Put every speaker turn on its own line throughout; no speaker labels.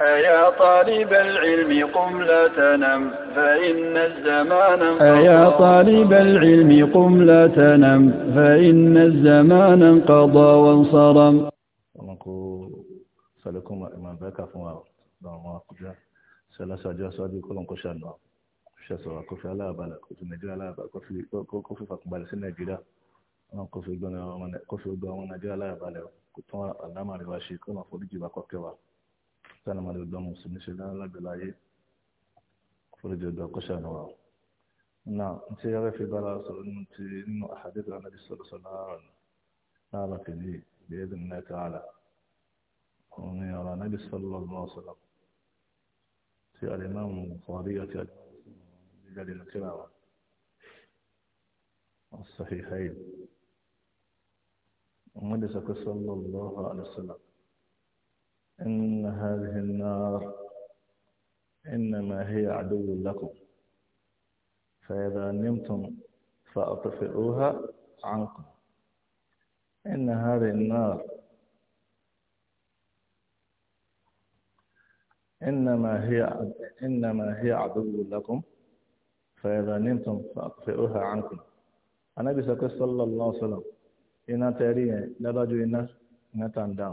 أيا طالب العلم قم لا تنم فإن الزمان أيا طالب العلم قم لا تنم فإن الزمان انقضى وانصرم إمام فما سأدي كلهم على على على sani ma lè gbọ́ mùsùlùmí ṣe dáná lágbèláyé foríjì ọ̀dọ̀ ọkọ̀ṣà ni wa. náà n ti yára fi bára sọ̀rọ̀ nínú ti nínú àhàdìdì ànábì sọ̀rọ̀ sọ̀rọ̀ ààrùn náà láti ní bẹ́ẹ̀ bí nínú ẹ̀ka àlà. òun ni ọ̀rọ̀ ànábì sọ̀rọ̀ lọ́wọ́ sọ̀rọ̀ tí àlìmáàmù kọ̀ọ̀rí àti àjẹjáde ní kíra wa. الصحيحين ومن سكت صلى الله عليه وسلم إن هذه النار إنما هي عدو لكم فإذا نمتم فأطفئوها عنكم إن هذه النار إنما هي إنما هي عدو لكم فإذا نمتم فأطفئوها عنكم النبي صلى الله عليه وسلم إن تريه لا بد إن نتندم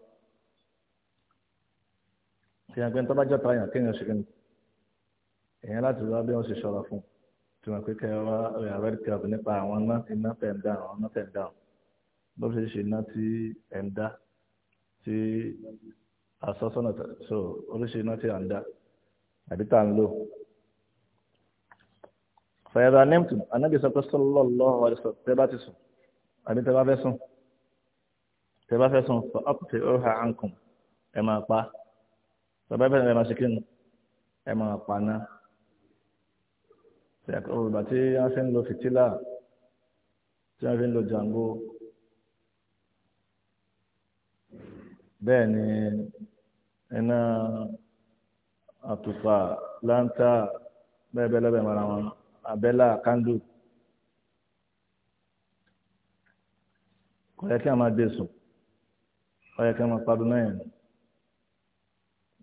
tí wọn pẹ́ ń tọ́bájọ́ ta yàn kéèyàn ṣe kíni èèyàn láti wá bí wọ́n ṣe ṣọ́ra fún tí wọn pé kẹ́ wá ọ̀yà red cap nípa àwọn iná tẹ̀ ń àwọn iná tẹ̀ bó ṣe ṣe iná tí ẹ̀ ń asọ́sọ́nà so oríṣi iná tí à ń dá àbí tá à ń lò. fàyàrà nẹ́mtù anábì sọ pé sallallahu alaihi wasallam tẹ́ bá ti sùn àbí tẹ́ bá fẹ́ sùn tẹ́ bàbá bẹ́ẹ̀ ni ẹ máa ṣe kí ni ẹ máa paná òrùbà tí wọ́n fi ń lo fìtílà tí wọ́n fi ń lo jàǹgó bẹ́ẹ̀ ni iná àtùpà láńtà bẹ́ẹ̀ bẹ́ẹ̀ lọ́bẹ̀ mara wọn abẹ́là kándù kò yẹ kí a máa dé sùn kò yẹ kí a máa padùn náà yẹn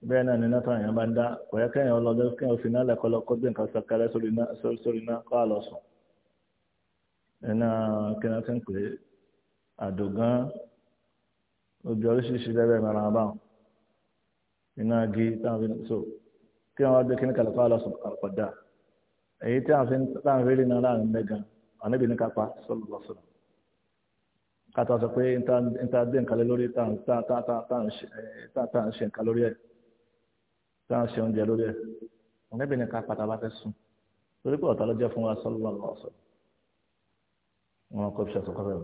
bẹ́ẹ̀ náà nínú táwọn èèyàn bá ń dá ọ̀yẹ́ kẹ́yìn ọlọ́dọ́ kẹ́yìn òfin náà lẹ́kọ́ lọ́kọ́ gbé nǹkan sàkárẹ́ sórí iná kọ́ àlọ́ sùn iná kíná ti ń pè é àdògán obì oríṣiríṣi lẹ́rẹ́ mẹ́ra bá wọn iná igi táwọn fi so kí wọ́n gbé kíní kàlẹ́kọ́ àlọ́ sùn àpọ̀dà èyí táwọn fi rí iná láàrin mẹ́gan àníbi ní kápá sọ́lọ́sọ̀rọ̀ kátà sọ pé níta dé nǹkan lórí táwọn eh, ṣe nǹkan lórí ẹ̀ tí wọ́n ṣe oúnjẹ lórí ẹ̀ ọ̀nẹ́bìnrin ká pátá bá fẹ́ sùn torí pé ọ̀tá ló jẹ́ fún wa sọ́lọ́ ọ̀sọ̀ wọn kọ́ fíṣà sọ́kọ́ bẹ̀rẹ̀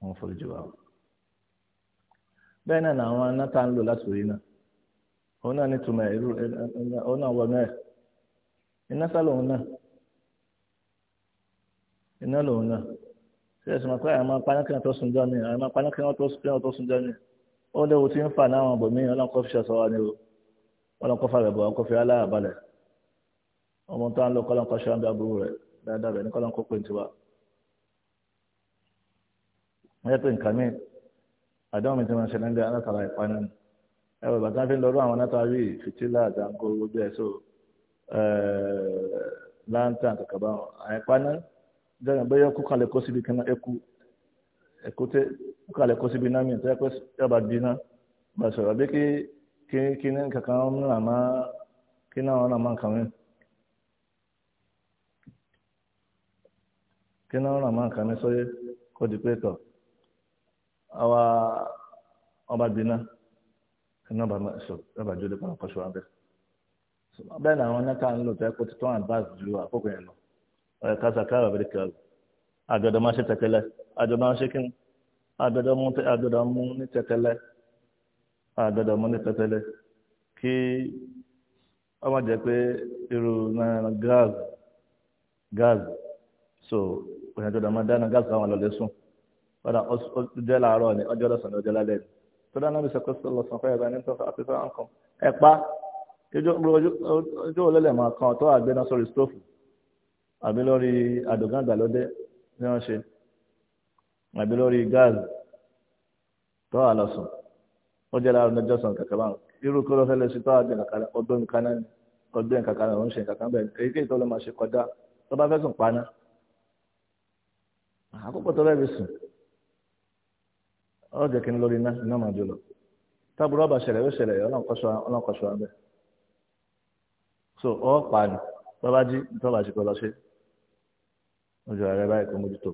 wọn forí jù wá. bẹ́ẹ̀ náà làwọn anáta ń lò láti orí náà òun náà nítumọ̀ irú òun náà wọ náà iná sá lòun náà iná lòun náà ṣé ẹ̀sìn máa pẹ́ àwọn máa paná kí wọ́n tó sùn jọ́ ni àwọn máa paná kí wọ́n tó sùn jọ́ ni ó léwu tí ń fà náà àwọn bòmíì ọlọ́kọ́ fíṣà sọ́wọ́ ni o ọlọ́n kọ́fà rẹ̀ bọ̀ ọ̀n kọ́fì aláàbàlẹ̀ ọmọ tó ń lọ kọ́lọ́n kọ́ ṣọ́ọ́n bí aburú rẹ̀ dáadáa rẹ̀ ní kọ́lọ́n kó pè ní tiwa. wọ́n yẹ pé nǹkan mi àdáwọn mi ti máa ń ṣẹlẹ̀ ń alátara ìpanu ẹ wọ ìbàdàn fi ń lọ́rọ́ àwọn látàrí fìtílà àdàǹkó gbogbo ẹ̀ so lantan kàkàbà àìpanu jẹ́rìn bẹ́ẹ̀ ẹkú kalẹ̀ kó síbi kan ẹkú ẹkú tẹ ẹkú kalẹ̀ kó síbi náà mi ìtẹ́kọ̀ yọba bí kini kankan nuna ma kina wani man kamin kina wani man kamin so ko di pe to awa ọba bina kina ba so ba jode pa ko so abe so abe na won na kan lo te ko ti ton advance ju àkókò yẹn lọ o ka sa ka ba de ka adodo ma se tekele adodo ma se kin adodo mu adodo mu ni tekele àgbẹ̀dọ̀ mọ́ ní pẹ̀tẹ́lẹ̀ kí ọmọ jẹ́ pé irú gáàsì gáàsì so òyìn àjọ̀dọ̀ máa dáná gáàsì àwọn àlọ́lẹ̀ sùn padà ọjọ́ làárọ̀ ni ọjọ́ lọ́sàn ní ọjọ́ lálẹ́ ni tó dáná bí sẹ́kọ́ sí lọ́sàn fún ẹ̀rọ ní tọ́fà afẹ́fẹ́ àǹkan ẹ̀pá ojú olólẹ̀ máa kan tó àgbẹ̀ náà sórí stóòfù àbí lórí àdògán ìgbàlódé ní wọ́n ṣe àbí lórí gáàsì tó àlọ́sùn ó jẹ́ láàrin ọjọ́ sàn kàkà báwọn irú kí ló fẹ́ lọ sí tó àjẹ kàkà ọdún nǹkan náà ni ọdún nǹkan kan ló ń ṣe nǹkan kan bẹ́ẹ̀ èyíkéyìí tó lọ máa ṣe kọjá tó bá fẹ́ sùn paná àkókò tó rẹ̀ sùn ó kí n lórí iná máa jò lọ tábùrọ̀ ọba ṣẹlẹ̀ yóò ṣẹlẹ̀ ọlọ́nkọ̀ṣọ́ abẹ́ so ọ pa ni bàbá jí tó bá ṣe kọ lọ ṣe ojú ààrẹ báyìí kò mójútó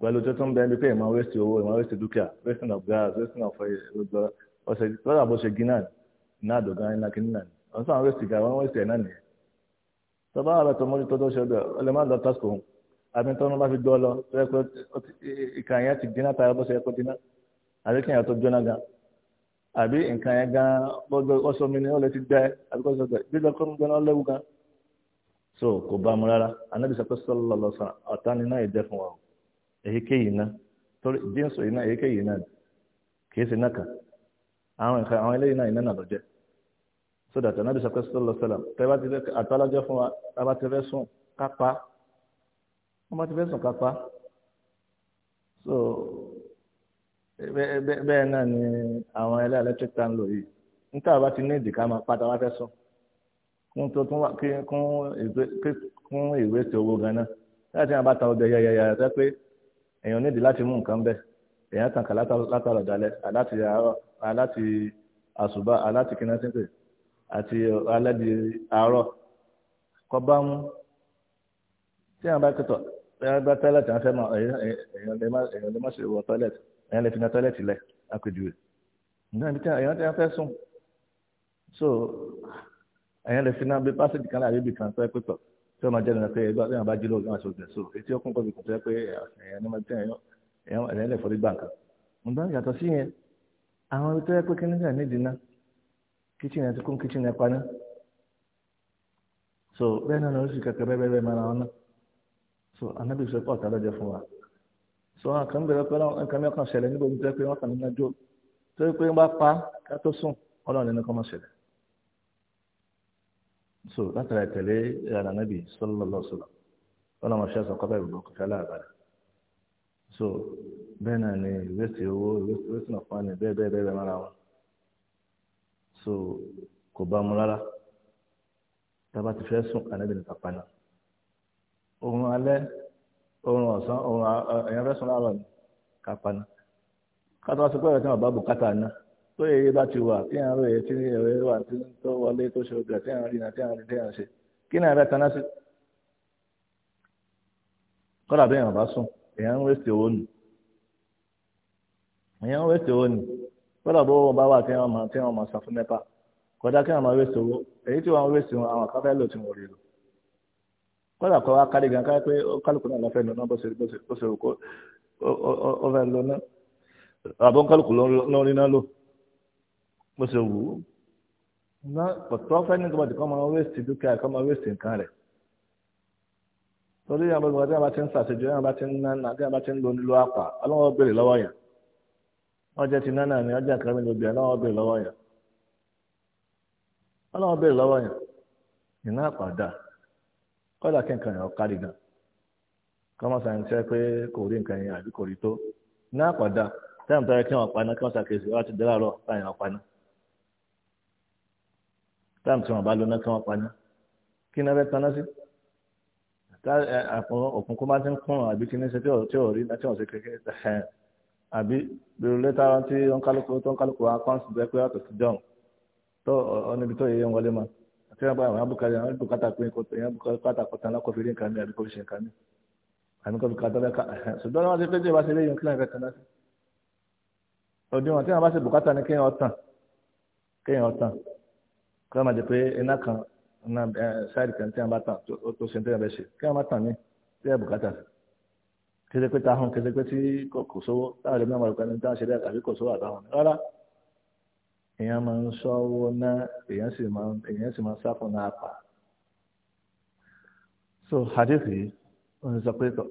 pẹ̀lú tó tún bẹ́ẹ̀ ni pé ìmọ̀ wẹ́sì owó ìmọ̀ wẹ́sì dúkìá wẹ́sìn of gas wẹ́sìn of ọgbọ́n ọ̀sẹ̀ lọ́dà bó ṣe gínà náà dọ̀gán ńlá kínní náà wọ́n sọ àwọn wẹ́sì gà wọ́n wẹ́sì ẹ̀ náà nìyẹn tọ́ba àrẹ tó mójútó tó ṣe ọlẹ́ má lọ tásìkò hùn àbí tọ́nu bá fi gbọ́ lọ tó yẹ pé ìkà yẹn ti gínà tayọ so kò bá mu rárá anábìsà pé sọlọ lọ sàn ọ̀tá ni èyíkéyìí iná torí jíǹsù iná na iná kìí ṣe náà kan a nǹkan àwọn eléyìí náà iná náà lọ jẹ so that anabi ya sọlọ sọlọ tẹbá ti fẹ je fun wa tẹbá ti fẹ sùn kápá wọn ti so ni awon ẹlẹ electric tan lò yìí níta bá ti ní ìdìkà máa pátá wá fẹ sùn kún tó tún wá kún ìwé kún ìwé láti ọdẹ yẹyẹyẹ rẹ pé èèyàn nídìí láti mú nǹkan bẹ́ẹ̀ èèyàn kàn kà látàrọ̀ dalẹ̀ aláti àárọ̀ aláti àṣùbà aláti kínátìpè àti aládi àárọ̀ kọ́ bá mú tí àwọn bá tẹ̀tọ̀ èèyàn bá tọ́lẹ̀tì àwọn fẹ́ mọ èèyàn lè má ṣe wọ tọ́lẹ̀tì èèyàn lè fi na tọ́lẹ̀tì lẹ̀ àpèjúwe nígbà tí èèyàn ti fẹ́ sùn so èèyàn lè fi na bí pásítì kan láàbí ibì kan tó ẹ pé tọ̀ tí wọ́n máa jẹ́ lọ́nà pé ẹgbẹ́ àti àbájú lóòrùn náà ṣe ògbẹ̀ so etí ọkùnrin kan kò tẹ́ pé ẹ̀yàn ní máa tẹ́ ẹ̀yàn lẹ̀ fọ́lí gbàǹkà. ǹgbà yàtọ̀ sí yẹn àwọn tó yẹ pé kí nígbà ní ìdínà kíchìn ẹ̀ ti kún kíchìn ẹ̀ paná. so bẹ́ẹ̀ náà lóṣù kẹ̀kẹ́ bẹ́ẹ̀ bẹ́ẹ̀ máa wọn náà so anábì sọ pé ọ̀tá lọ́jọ́ fún wa. so àwọn kan bẹ̀rẹ̀ pé nǹkan mẹ́kàn ṣẹlẹ̀ so látara tẹ̀lé ìlànà nàbì sallallahu alaihi wasallam wọn àwọn aṣáájú ọkọ báyìí bọ̀ kọfẹ́ aláàbàrẹ̀ so bẹ́ẹ̀ náà ni ìrẹsì owó ìrẹsì náà fún wa ní bẹ́ẹ̀ bẹ́ẹ̀ bẹ́ẹ̀ mara wọn so kò bá mu rárá tába ti fẹ́ sùn ànábì ní pàpà náà oorun alẹ́ oorun ọ̀sán oorun ẹ̀yàn fẹ́ sùn láàárọ̀ ní kápá náà kátó wá sí pé ẹ̀rọ tí wọn bá bùkátà náà tó yẹ bá ti wà tí àwọn ẹ̀yẹ tí ẹ̀rọ ẹ̀ wà tí tó wọlé tó ṣe ọgbà tí àwọn rìnà tí àwọn rìnà ṣe kí ni àbẹ kaná sí. kọ́dà bí èèyàn bá sùn èèyàn ń wéṣẹ̀ owó nù èèyàn ń wéṣẹ̀ owó nù kọ́dà bó wọn bá wà tí wọ́n máa tí wọ́n máa san fún mẹ́fà kọ́dà kí wọ́n máa wéṣẹ̀ owó èyí tí wọ́n wéṣẹ̀ wọn àwọn kan fẹ́ lò tí wọ́n rí lò kọ́dà kọ́ wa kárí gan káyọ̀ pé kálukú náà mo sì wù ú ná pọ̀tọ́ fẹ́ ní gbọ́dọ̀ kọ́ máa dúkìá kọ́ máa nǹkan rẹ̀ torí àwọn ọmọdé àwọn ti ń sàṣejù àwọn bá nánà àti àwọn ń lo nílò àpà ọlọ́wọ́ béèrè lọ́wọ́ yẹn ọjà ti nánà ni ọjà kan ló bẹ̀rẹ̀ ọlọ́wọ́ béèrè lọ́wọ́ yẹn ọlọ́wọ́ béèrè lọ́wọ́ yẹn ìná àpàdà kọ́dà kí nǹkan yẹn pé kò rí nǹkan yẹn àbí kò rí tó ìná táyà yẹ táàmù tí wọn bá lóná kí wọn paná kí náà fẹ́ taná sí àpò òkun kó bá ti ń kún àbí kí ní ṣe tí ò rí tí ò ṣe kékeré àbí bẹ̀rù lẹ́tà tí wọ́n kálukú tó ń kálukú wa kọ́ńsì bẹ́ẹ̀ pé wọ́n tó ti dán tó ọ́nibí tó yẹ wọlé máa àti wọn bá àwọn abúkàtà àwọn abúkàtà pé èèyàn bùkátà kọta alákọ̀ fi rí nǹkan mi àbí kò fi ṣe nǹkan mi àbí kò fi kàtà lẹ́ka ṣùgbọ́n ni kéèyàn ọ̀tàn kí wọ́n máa jẹ pé iná kan iná ṣáàdì kan tí wọ́n bá tàn tó ṣe tí wọ́n bẹ ṣe kí wọ́n máa tàn ní tí wọ́n bùkátà kéde pé ta hàn kéde pé tí kò sówó táwọn ẹlẹ́mìí àwọn ọ̀gá ní táwọn ṣe dáa àbí kò sówó àtàwọn rárá èèyàn máa ń ṣọ́wó ná èèyàn sì máa èèyàn sì máa ń sáfún náà pa so hadith yìí wọ́n ti sọ pé tọ̀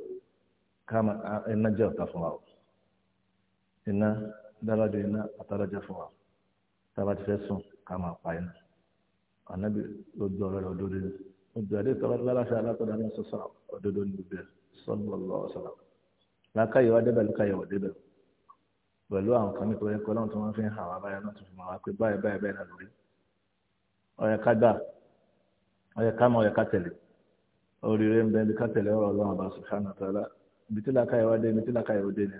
ká máa iná jẹ́ ọ̀tá fún wa o iná dára ju iná àtàrà fún wa tá fẹ́ sùn ká pa iná ànábì lójú ọ̀rẹ́ rẹ̀ òdodo ni ojú àdé tọ́lá lálàṣà alákọ̀dá ní sọ́sà òdodo ní gbogbo ẹ̀ sallallahu ọ̀sọ̀rọ̀ lákàyè wá débẹ̀ lókàyè wọ̀ débẹ̀ pẹ̀lú àwọn kan nípa ẹ̀kọ́ lọ́run tó wọ́n fi ń hàn wá báyọ̀ náà tó fi mọ̀ wá pé báyìí báyìí báyìí náà lórí ọ̀yẹ ká gbà ọ̀yẹ ká mọ ọ̀yẹ ká tẹ̀lé oríire ń bẹ ibi ká tẹ̀lé ọ̀rọ̀ ọlọ́run ọba subhanahu wa ta'ala ibi tí làkàyè wá dé ibi tí làkàyè wò dé ni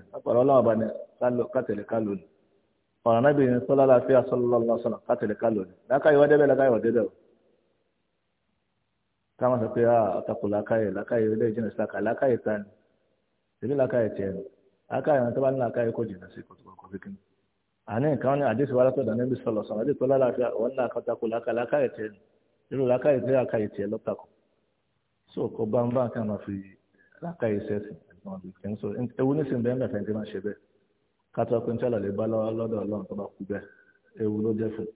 ọ̀rọ̀ náà bìnrin tó lálàáfíà sọlọ́lọ́ sọ̀nà kátìlẹ̀ kálò ní lákàyè wá débẹ̀ lákàyè wá débẹ̀ o káwọn sọ pé ah, àtakò lákàyè lákàyè ilé ìjìnlẹ̀ síláka lákàyè ta ni èmi lákàyè tiẹ̀ ni lákàyè wọn tó bá ní lákàyè kò jìnnà sí kòtòkòtò fíkin àní nǹkan ní àdéhùn wa látọ̀dọ̀ níbi sọlọ sọ̀nà àdéhùn tó lálàáfíà wọn ní àkàtakò lákàyè tiẹ̀ ni irú lákàyè tiẹ̀ lákàyè tiẹ̀ lọ́tàkù so kò bá ń bá nǹkan máa fi lákàyè sẹ́sìn ẹ̀wọ́n ní sìn bẹ́ẹ̀ mẹ́fẹ̀ẹ́ kátó ọkùnrin tí ọlọ́lẹ̀ bá lọ́dọ̀ ọlọ́run tó bá kú bẹ́ẹ̀ ewu ló jẹ́ fún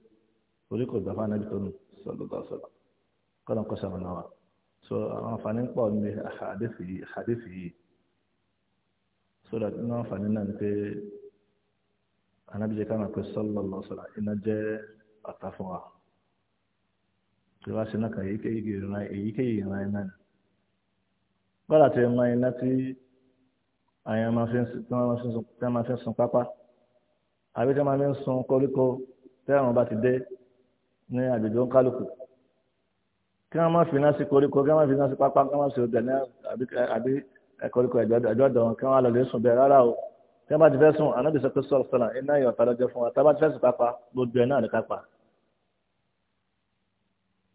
orí kò gbàfà náà tó nù sọlọ́dọ̀ sọlọ́ kọ́nà kọ́ sàmùnà wa so àwọn àǹfààní ń pọ̀ ní àhàdìsì yìí so that inú àǹfààní náà ni pé anábìjẹ ká máa pe sọlọ́lọ́ sọlọ́ iná jẹ́ ọ̀tá fún wa tí wàá ṣe náà kà èyíkéyìí ìran iná ni gbọ́dọ̀ àti ìran iná tí àyàn máa fi ń sun pápá àbí tí wọ́n máa fi ń sun koríko tí àwọn bá ti dé ní àgbègbè òǹkálùkù kí wọ́n máa fi iná sí koríko kí wọ́n máa fi iná sí pápá kí wọ́n máa fi ọ̀dà ní àbí koríko ẹ̀jọ́ ọ̀dọ̀ wọn kí wọ́n á lọ lè sùn bẹ́ẹ̀ rárá o tí wọ́n bá ti fẹ́ sùn ànábì sọ pé sọ̀rọ̀ sọ̀rọ̀ iná yọ̀ ọ̀tá lọ́jọ́ fún wa tí wọ́n bá ti fẹ́ sùn pápá gbogbo ẹ̀ náà ní kápá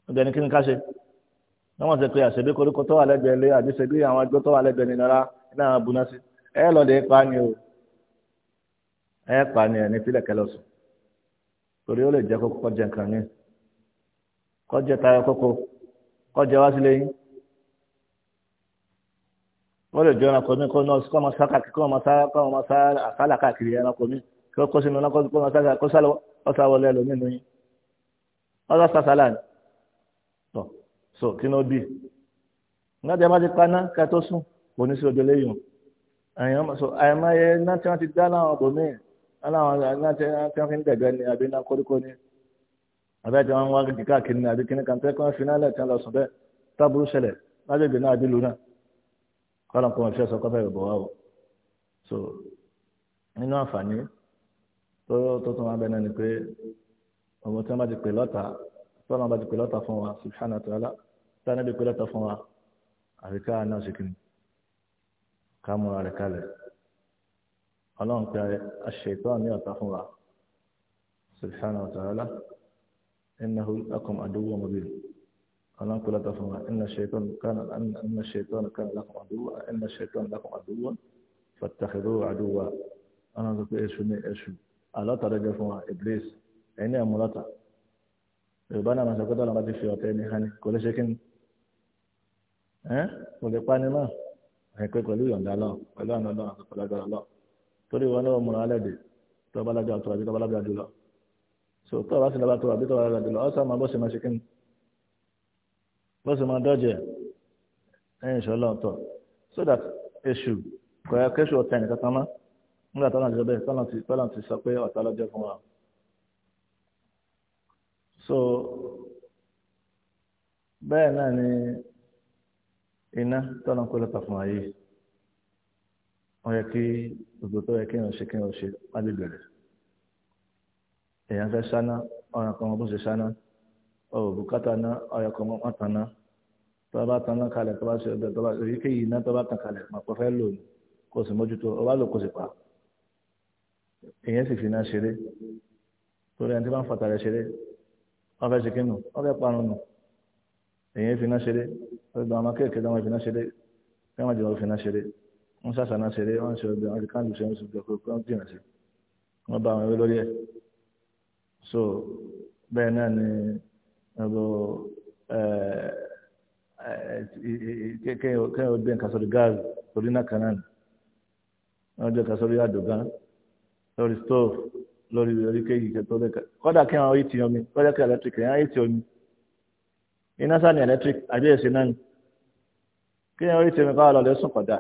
ọ̀dẹ̀ ni kí ni ká ṣe wọ́n mọ̀ sí pé àṣẹbí koríko tó wà lẹ́gbẹ̀ẹ́ lé àbí ṣẹbí àwọn agbó tó wà lẹ́gbẹ̀ẹ́ nínú ara iná àwọn sí ẹ lọ́dẹ̀ pa ni o ẹ pa ni ẹni sílẹ̀ kẹlẹ́ sùn torí ó lè jẹ́ kókó kọjá nǹkan ní kọjá tayọ kókó kọjá wá sílé yín ó lè jọ ẹranko mi kó nọ́ọ̀sì kó máa sá káàkiri kó máa sá kó máa sá àkálà káàkiri ẹranko mi kí ó kó sínú náà kó máa sá kó sálọ ọ̀sá wọlé ẹlòmíì nù yín ọ̀sá sàsálà ni tọ̀ so kí ni ó bì nígbà tí a bá ti paná kí a tó sùn kò ní sí ojú eléyìí àyàn sọ àyàmáyé náà tí wọ́n ti dá láwọn ọ̀bọ̀ míì aláwọn náà tí wọ́n fi ń dẹ̀gbẹ́ ni àbí náà kóríkó ni àbẹ́ tí wọ́n ń wá kíkà kiri ni àbí kíní kan tẹ́ kí wọ́n fi náà lẹ̀ tí wọ́n lọ sùn bẹ́ẹ̀ tábúrú ṣẹlẹ̀ lágbègbè náà àbílù náà kọ́lọ̀ kọ́ fi ẹ̀sọ́ kọ́fẹ́ rẹ̀ bọ̀ o so nínú àǹfààní tó tó tún wá bẹ́ẹ̀ náà ni pé ọmọ tí wọ́n bá ti pè lọ́ta tí wọ́n bá ti pè lọ́ta fún wa subhanahu wa ta'ala tí wọ́n bá ti pè lọ́ta fún wa àríkà náà ṣe kìnnìkan kàmúra múra rẹ̀ kalẹ̀ ọlọ́run pé aṣètò àmì ọ̀tá fún wa subhanahu wa ta'ala innahu lakum aduwwun mubin ọlọ́run pé lọ́tọ̀ fún wa inna ash-shaytana kana inna ash-shaytana kana lakum aduwwun inna ash lakum aduwwun fattakhidhuhu aduwwa ọlọ́run sọ pé èṣù ní èṣù àlọ́tà lọ́jọ́ fún wa iblis ẹni àmúlọ́tà yorùbá náà sọ pé tọ́lá bá ti fi ọ̀tẹ̀ ní hání kò lè ṣe kí ni kò lè pa ni náà. ẹ̀pẹ́ pẹ̀lú ìyọ̀ǹda lọ pẹ̀lú àná lọ àti pẹ̀lú agbára lọ torí wọn lọ́wọ́ múra lẹ́dẹ̀ tó bá lájọ àtúwàbí tó bá lábẹ́ àjò lọ so tó bá sì lábẹ́ àtúwàbí tó bá lábẹ́ àjò lọ ọ̀sán máa bọ́sẹ̀ máa ṣe kí ni bọ́sẹ̀ máa dọ́jẹ̀ ẹ̀yìn ìṣọ́ lọ́n so that èṣù kọ̀yà kéṣù ọ̀tá ẹnì kankan mọ́ nígbà tó náà jẹ́ bẹ́ẹ̀ tọ́lá ti sọ pé ọ̀tá so bẹ́ẹ̀ náà ni iná tọ́nà kó lọ́ta fún ayé wọ́n yẹ kí gbogbo tó yẹ kí èèyàn ṣe kí èèyàn ṣe má lè bẹ̀rẹ̀ èèyàn fẹ́ sáná ọ̀ràn kan bó ṣe sáná ọ̀rọ̀ bùkátà ná ọ̀rọ̀ kan wọ́n tàn ná tọ́ bá tàn náà kalẹ̀ tó bá ṣe ọ̀dọ̀ tó bá èyíkéyìí iná tó bá tàn kalẹ̀ màpọ̀ fẹ́ lò ní kó sì mójútó ọba lò kó sì pa èèyàn sì fi iná ṣeré torí ẹni tí wọ́n fọ̀tà rẹ̀ ṣeré wọ́n fẹ́ ṣe kí nù wọ́n fẹ́ parun nù èyí fi náà ṣeré ọgbà ọmọ kéèké dáwọn fi náà ṣeré fẹ́ wọn jùlọ fi náà ṣeré wọn ṣàṣà náà ṣeré wọn ṣe ọgbà wọn ti káàdì ṣe wọn sì gbọ́ pé wọn jìnà sí wọn bá àwọn ewé lórí ẹ̀ so bẹ́ẹ̀ náà ni ọgbọ kéèyàn gbé nǹkan sórí gáàsì torí náà kan náà ni wọn gbé nǹkan sórí àdògán lórí stove lórí oríkèyí kẹtọ́ lẹ́ka kọ́dà kéèyàn ó yí ti omi kọ́dà kéèyàn ẹlẹ́tíríkì iná sáà ní electric àbí èsì náà ni kí ni orí tèmi káwá lọlẹ́ sùn kọjá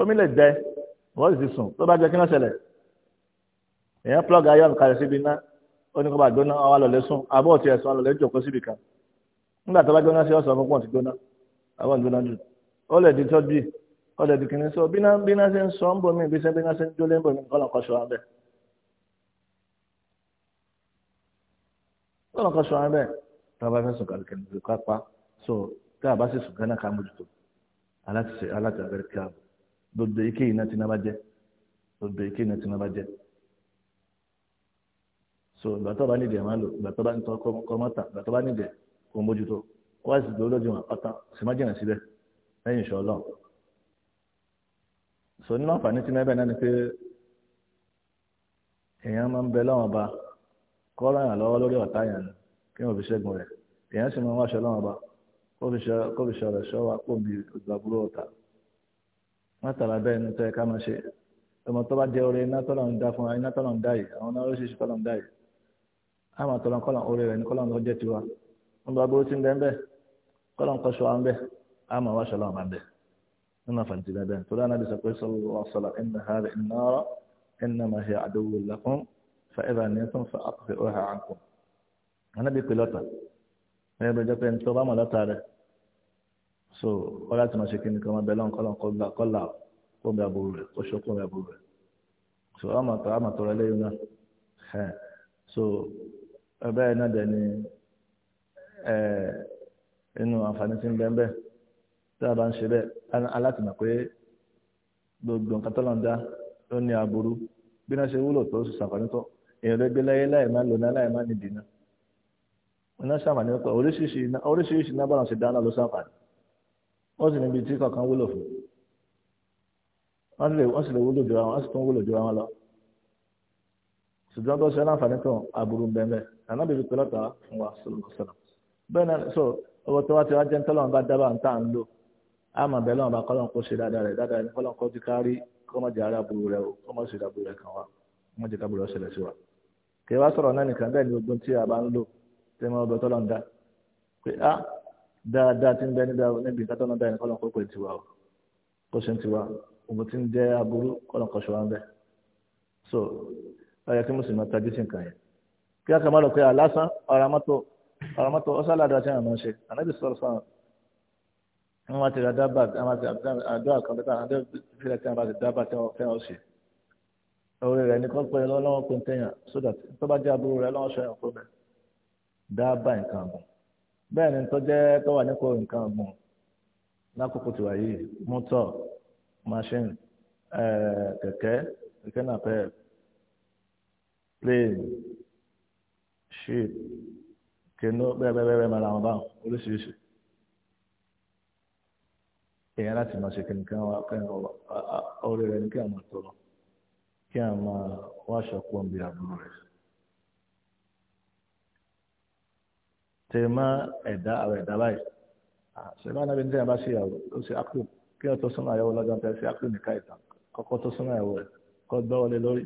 omi lè jẹ wọ́n sì ti sùn tó bá jẹ kí náà ṣẹlẹ̀ èèyàn plug ayọ́n kalẹ̀ síbi iná ó ní kó bá gbóná ọwọ́ lọlẹ́ sùn àbọ̀ òtí ẹ̀sùn lọlẹ́ jòkó síbi kan nígbà tó bá gbóná sí ọ̀sán fún ti gbóná àwọn ìgbóná jù ó lè di tọ́jú ó lè di kìnìún sọ bíná bíná ṣe ń sọ ń bomi bí ṣe bíná ṣe ń jólé ń tá a bá fẹ́ sùn kàlùkẹ́ ní ká pa so tá a bá sì sùn kánà ká mójútó aláṣẹ aláṣẹ abẹ́rẹ́ kí a bọ̀ dodo ike yìí náà ti náà bá jẹ́ dodo ike yìí náà ti náà bá jẹ́ so ìgbà tó bá nídìí ẹ̀ máa lò ìgbà tó bá ní tọ́ kọ́ mọ́ta ìgbà tó bá nídìí kò mójútó wá sí ìdòwò lójú wọn pátá sì má jìnnà síbẹ̀ lẹ́yìn ìṣọ́ ọlọ́run so nínú àǹfààní tí mẹ́bẹ̀ náà ni pé èèyàn máa ń bẹ lọ́wọ́n ba kọ́ ọ́ lọ́yàn lọ́wọ́ lórí ọ̀tá yẹn ni kí wọ́n fi ṣẹ́gun rẹ̀ èèyàn sì máa ń wáṣọ lọ́wọ́ bá kó fi ṣọ̀rọ̀ ṣọ́ wa kó mi ìgbàgbúrò ọ̀tà wọ́n tààrà bẹ́ẹ̀ ní tẹ́ ká máa ṣe ọmọ tó bá jẹ́ orí iná tọ́lọ̀ ń dá fún wa iná tọ́lọ̀ ń dá yìí àwọn náà oríṣiríṣi tọ́lọ̀ ń dá yìí á máa tọ́lọ̀ kọ́lọ̀ orí rẹ̀ ní kọ́lọ̀ ń jẹ́ tiwa ń bá bó ti ń bẹ́ ń bẹ́ kọ́lọ̀ ń kọ́ṣọ́ wa ń bẹ́ anábì pè lọ́tà ẹ bẹ jẹ pé ní tó bá mọ̀ lọ́tà rẹ so ọlá tí wọn ṣe kí ni kí wọn bẹ lọ́n kọ́lọ́n kọ́lá kọ́lá kó àbúrò rẹ kó ṣokó bẹ àbúrò rẹ so ọmọ tó ọmọ tó rẹ lẹ́yìn náà ẹ so ẹbẹ yẹn náà dẹ ni ẹ inú àǹfààní ti ń bẹ ń bẹ tí a bá ń ṣe bẹ́ẹ̀ alátìmọ̀ pé gbogbo nǹkan tó lọ́n dá ló ní aburú bí wọ́n ṣe wúlò tó sì ṣàǹfààní tó èèyàn lè gbé láyé láì má lò náà láì má nìdí náà iná ṣàǹfààní pẹ̀ oríṣiríṣi iná báwọn ṣe dáná ló ṣàǹfààní wọ́n sì níbi tí kankan wúlò fún wọ́n sì lè wúlò jura wọn wọ́n sì tún wúlò jura wọn lọ ṣùgbọ́n tó ṣe láǹfààní kan aburú bẹ́ẹ̀ ànábì fi pẹ́lọ́ta fún wa sọlọ́mọ sọlọ́m bẹ́ẹ̀ náà so owó tí wọ́n ti wá jẹ́ ńtọ́lọ́wọ́n bá dábàá ń tà ń lò á mà bẹ́ẹ̀ lọ́wọ́n bá kọ́lọ́n kó ṣe dáadáa rẹ̀ dáadáa ní kọ́lọ́n kó ti kárí kó má jẹ́ ara aburú rẹ̀ o kó má ṣe aburú rẹ̀ kàn wá kó má jẹ́ káburú rẹ̀ ṣẹlẹ̀ sí wa. kì wá sọ̀rọ̀ náà nìkan bẹ́ẹ̀ ni ogun tí a bá ń lò tẹ́ mọ́ ọbẹ̀ tọ́lọ́ ń da pé á dáadáa ti ń bẹ níbi ìka tọ́lọ́ ń dá ẹni kọ́lọ́ kó pè tiwa o kó ṣe ń tiwa òun ti ń jẹ́ aburú kọ́lọ́ kọ́ ṣọ́wá ń bẹ so ọ̀yà kí mùsùlùmí tajú sí nǹkan yẹn kí á kà má lọ pé àlásán ọ̀rọ̀ mọ́tò ọ̀rọ̀ mọ́tò ọ̀sálàdà tí àwọn ṣe ànábì sọ̀rọ̀ sọ̀rọ̀ wọn wá ti ra dábà àwọn àti àdó àkàndá àdó ìfilẹ̀ tí wọn bá ti dábà tí wọn fẹ́ ọ ṣe orí rẹ̀ ní kọ́ pé lọ́wọ́ pé ń tẹ̀yàn so that tó bá jẹ́ aburú rẹ̀ lọ́wọ́ ṣọ́ fún mi dábàá nǹkan ọ̀gbìn bẹ́ẹ̀ ni tọ́jẹ́ tó wà nípò nǹkan ọ̀gbìn lákòókò tiwa yìí mọ́tò machine kẹ̀kẹ́ kẹ̀kẹ́ náà pẹ́ plane ship kenu bẹ́ẹ̀ bẹ́ẹ̀ bẹ́ẹ̀ máa làwọn báwọn oríṣiríṣi èèyàn láti máa ṣe wa ní kí a máa tọrọ kí a wáṣọ pọ̀ nbí àbúrò tẹ mọ ẹ̀dá àwọn ẹ̀dá báyìí ṣèlú ànábi ní sẹ́yìn bá ṣe ìyàwó ó ṣe ákùn kí ọ̀tọ̀ súnmọ́ àyẹ̀wò lọ́jọ́ tẹ ṣe ákùn nìka ìtàn kọ́kọ́ tó súnmọ́ àyẹ̀wò rẹ̀ kọ́ gbọ́wọ́lé lórí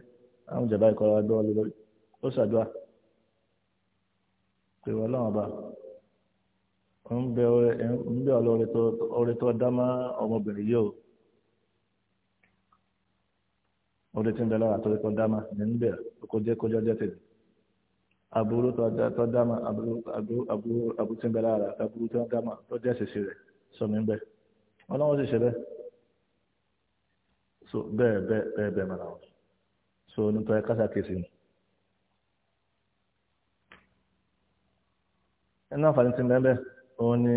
àwọn ìjọba ìkọ́ra wa gbọ́wọ́lé lórí ó ṣàdúrà pé wọ́n lọ́wọ́n bá ń bẹ ọlọ́ọ̀rẹ́ tó ọ̀rẹ́ tó dá mọ́ ọmọbìnrin yìí o ọ̀rẹ́ tí ń bẹ lára tó rí kọ́ dá mọ́ ní ń bẹ̀ kó jẹ́ kó jẹ́ tèmi aburú tó dáma aburú aburú aburú tí ń bẹ lára aburú tó dáma tó jẹ́ ṣèṣe rẹ̀ sọmi ń bẹ wọn náà wọ́n sì ṣe bẹ́ẹ̀ so bẹ́ẹ̀ bẹ́ẹ̀ bẹ́ẹ̀ bẹ́ẹ̀ mọ̀nà wọn so nípa ẹ kásá kéésì ni. ẹnu àǹfààní ti bẹ́ẹ̀ bẹ́ẹ̀ òun ni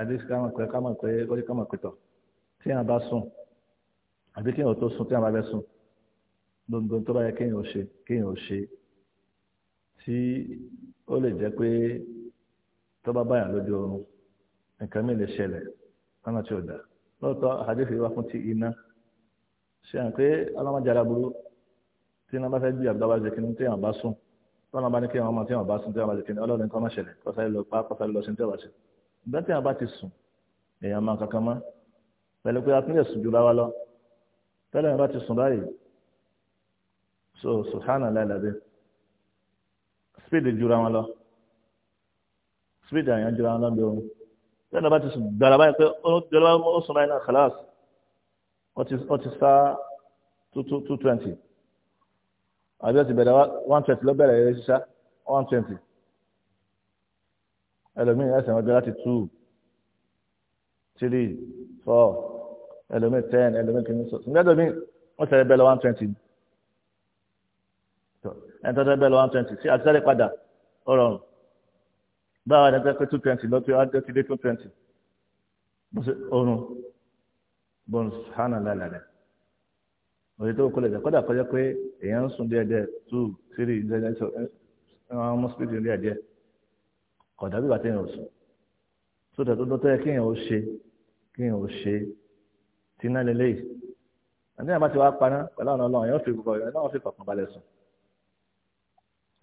àdéhùn kámọ̀ pé kámọ̀ pé ó yẹ kámọ̀ pé tọ̀ tí èèyàn bá sùn àbí kéèyàn tó sùn tí èèyàn bá fẹ́ sùn gbogbo tó bá yẹ kéèyàn ò ṣe kéèyàn ò ṣe tí ó lè jẹ́ pé tó bá báyàn lójú oorun nǹkan mi lè ṣẹlẹ̀ lọ́nà tí ò dá lóòótọ́ àdéhùn ìwà fún ti iná ṣe hàn pé alámọ̀jára burú tí iná bá fẹ́ gbé àbúrò bá jẹ kí ní tí àwọn bá sùn tọ́nà bá ní kí àwọn ọmọ tí àwọn bá sùn tí àwọn bá jẹ kí ní ọlọ́run kan máa ṣẹlẹ̀ kọ́sáré lọ pa kọ́sáré lọ sí ní tí wọ́n ṣe ìgbà tí àwọn bá ti sùn èèyàn máa kankan mọ́ pẹ̀lú pé a tún sùn jù láwa lọ tẹ́lẹ̀ bá ti sùn báyìí so subhanallah Speed jura wọn lọ spade àyàn jura wọn lọ bí omi tẹ́lẹ̀ bá ti sùn gbàrà báyìí pé ó sùn láì náà kàlàs ó ti sá two twenty àbí ó ti bẹ̀rẹ̀ one twenty ló bẹ̀rẹ̀ eré ṣíṣá one twenty ẹlòmíì ẹsẹ̀ wọn jẹ́ láti two three four ẹlòmíì ten ẹlòmíì kìíní sọ ǹgbẹ́dọ̀ mi wọ́n tẹ̀lé bẹ́ẹ̀ lọ one twenty ẹ̀ńtọ́tọ́ bẹ́ẹ̀ lọ one twenty sí àtisáré padà ó rọrùn báwa ni pé two twenty lọ́tí ọjọ́ ti dé two twenty bó ṣe oorun bọ́ọ̀n hánà lálẹ́ òye tó kọ́ lẹ́jà kọ́dà kọjá pé èèyàn ń sùn díẹ̀díẹ̀ two three díẹ̀díẹ̀ ṣọ àwọn mọ́sípítì díẹ̀díẹ̀ kọ̀dà bí bàtẹ́yìn ò sùn sódà tó dọ́tọ́ yẹ kéèyàn ó ṣe kéèyàn ó ṣe tí náà lélẹ́yìí àti nígbà tí wàá paná pẹ̀lú àwọn ọlọ́run yóò fi kọ̀ọ̀kan balẹ̀ sùn.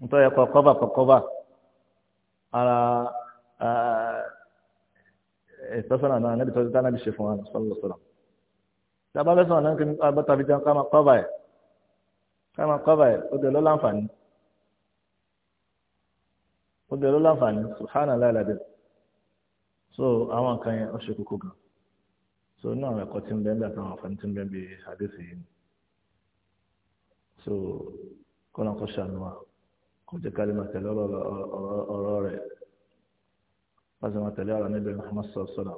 nítorí ẹ̀kọ́ kọ́bà kọ́kọ́bà ara eh, ìtọ́sọ́nà náà níbi tọ́jú dáná bí ṣe fún wa sọ́lọ́ sọ́lọ́ tí a bá fẹ́ sọ̀rọ̀ náà kí a bá tàbí jẹun ká máa kọ́bà ẹ̀ ká máa kọ́bà ẹ̀ ó dẹ̀ ló láǹfààní ó dẹ̀ ló láǹfààní subhana láì so àwọn nǹkan yẹn ó ṣe kókó gan so inú àwọn ẹ̀kọ́ tí ń bẹ́ẹ̀ bí àtàwọn àǹfààní tí ń bẹ́ẹ̀ bí àdéhùn yìí so kọ́nà kó ṣàánú wa. kò jẹ́ ká lè máa tẹ̀lé ọ̀rọ̀ rẹ̀ wọ́n sì máa tẹ̀lé ọ̀rọ̀ níbi Muhammad sọ̀sọ̀nà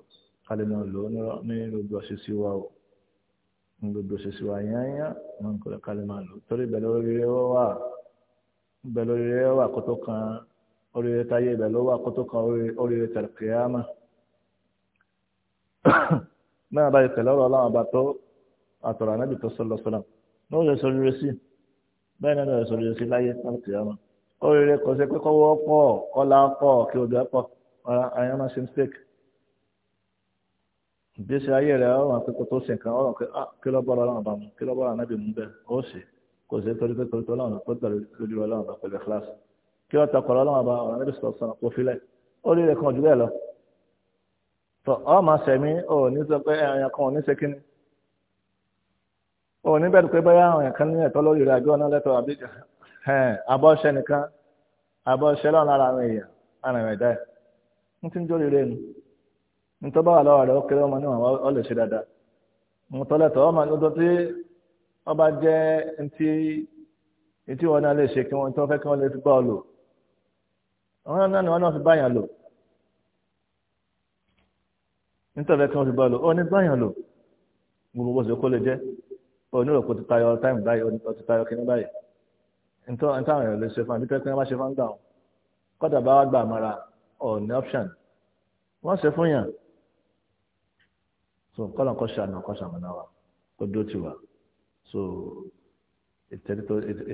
ká lè máa lò ó ní gbogbo ọ̀ṣẹ́sí wa o ní gbogbo ọ̀ṣẹ́sí wa yányá wọn kò lè ká lè máa lò ó torí ìbẹ̀lẹ̀ oríire wà ìbẹ̀lẹ̀ oríire wà kó tó kan oríire táyé ìbẹ̀lẹ̀ wà kó tó kan oríire tẹ̀lẹ̀kẹ́yàmà náà bá tẹ̀lé ọ̀rọ̀ ọlọ́run ọba tó àtọ̀rọ̀ ànábì tó sọ̀lọ̀ sọ̀lọ̀ náà ó lè sọ oríire sí bẹ́ẹ̀ náà lè sọ oríire sí láyé láti yàrá oríire kò ṣe pé kọ́wọ́ pọ̀ kọ́lá pọ̀ kí odò pọ̀ àyàn máa ṣe mistake ìgbésí ayé rẹ̀ ọ̀rọ̀ àti kò tó ṣe nǹkan ọ̀rọ̀ pé ah, kí lọ́ bọ́ra ọlọ́run bá mu kí lọ́ bọ́ra ànábì mú bẹ́ẹ̀ ó ṣe kò ṣe torí pé torí ọlọ́run tó tẹ̀lé lójú ọlọ́run bá pẹ̀lú kíláàsì kí wọ́n takọ̀rọ̀ ọlọ́run bá ọ̀rọ̀ ànábì sọ̀rọ̀ sọ̀rọ̀ kò filẹ̀ oríire kan jù bẹ́ẹ̀ lọ tọ ọ máa sẹ̀mí ọ ní sọ pé ẹ̀yàn eh, kan ò ní ṣe kíni ní bẹ́ẹ̀ pé bẹ́ẹ̀ àwọn ẹ̀kan ní ẹ̀tọ́ lórí rẹ̀ àjọ náà lẹ́tọ̀ọ́ àbíjà abọ́ṣẹ́ nìkan abọ́ṣẹ́ lọ́nà ara àwọn èèyàn ara àwọn ẹ̀dá ń tí ń jó rere ń tọ́ bá wà lọ́wọ́ rẹ̀ ó kéré ọmọ níwọ̀n ọ lè ṣe dáadáa ń ọmọ lọ́dọ̀ tí wọ́n bá jẹ́ ntí ntí wọn náà lè ṣe kí wọ́n gbogbo bó ntọ́ ntáwọn èèyàn lè ṣe fún àbí kẹ́kẹ́ bá ṣe fún gbà wọn kọ́dà bá wà gbà mọ́ra ọ̀ ní option wọ́n ṣe fún yàn so kọ́lọ̀ kọ́ ṣàánú kọ́ ṣàmúná wa kó dó tiwa so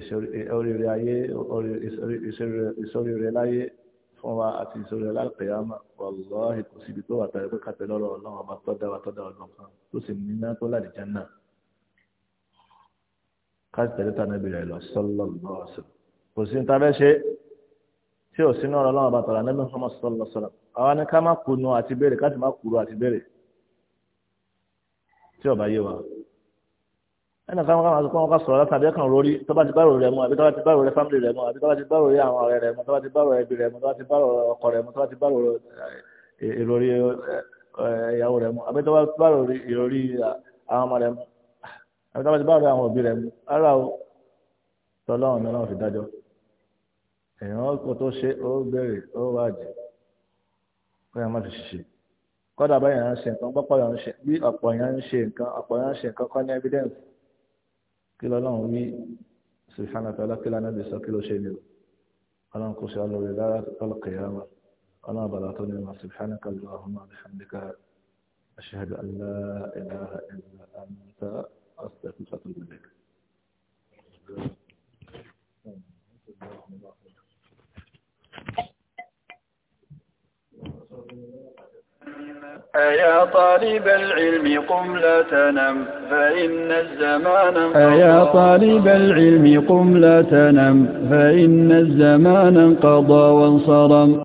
ìṣòrire ayé ìṣòrire láyé fún wa àti ìṣòrire lálùkẹ́yàmà wàlúwàhì kò síbi tó wà tàbí pé kàtẹ́ lọ́rọ̀ ọlọ́run ọba tọ́da wa tọ́da ọdún kan tó sì ní iná tó ládìjẹ́ náà káàsì tẹ̀lé tà níbi rẹ̀ lọ sallallahu alaihi wasallam kò sí níta bẹ́ẹ̀ ṣe tí ò sínú ọ̀rọ̀ ọlọ́run bàtà rẹ̀ nínú ọmọ sallallahu alaihi wasallam àwa ni ká má kunu àti béèrè ká sì má kuru àti béèrè tí ọba yé wa ẹnì kan kan kan kan sọ̀rọ̀ látàbí ẹ̀kan lórí tó ti bá rẹ̀ mu àbí tó ti bá rẹ̀ fámìlì rẹ̀ mu àbí tó ti bá rẹ̀ àwọn ọ̀rẹ́ rẹ̀ mu tó ti bá ẹbí rẹ̀ mu tó ti bá ọkọ rẹ̀ mu tó ti bá ìròrí ìyàwó rẹ̀ mu àbí tó ti bá ìròrí àwọn ọmọ rẹ̀ mu àbí táwọn ti bá ọ̀rẹ́ àwọn òbí rẹ̀ ara o tọ́lọ́run ni ọlọ́run fi dájọ́ èèyàn ọkọ̀ tó ṣe ó bẹ̀rẹ̀ ó wá jẹ́ kó yẹn má fi ṣiṣẹ́ kọ́dà bá yẹn ń ṣe nǹkan pọ́pọ́ yẹn ń ṣe bí ọ̀pọ̀ yẹn ń ṣe nǹkan ọ̀pọ̀ yẹn ń ṣe nǹkan kọ́ ní evidence kí lọ́lọ́run wí sùfàànà tọ́lá kí lánàá bí sọ kí ló ṣe ni o ọlọ́run kò ṣe ọlọ́run rẹ̀ lára tọ́lọ̀ kẹyàmà ọlọ́run bàbá tó ní ma sùfàànà kàlùwà ọ̀hún àbíhàmdíkà aṣáájú alá ilá ilá ẹ̀ńtà أستغفر الله ذلك أيا طالب العلم قم لا تنم فإن الزمان انقضى أيا آه، طالب العلم قم لا تنم فإن الزمان انقضى وانصرم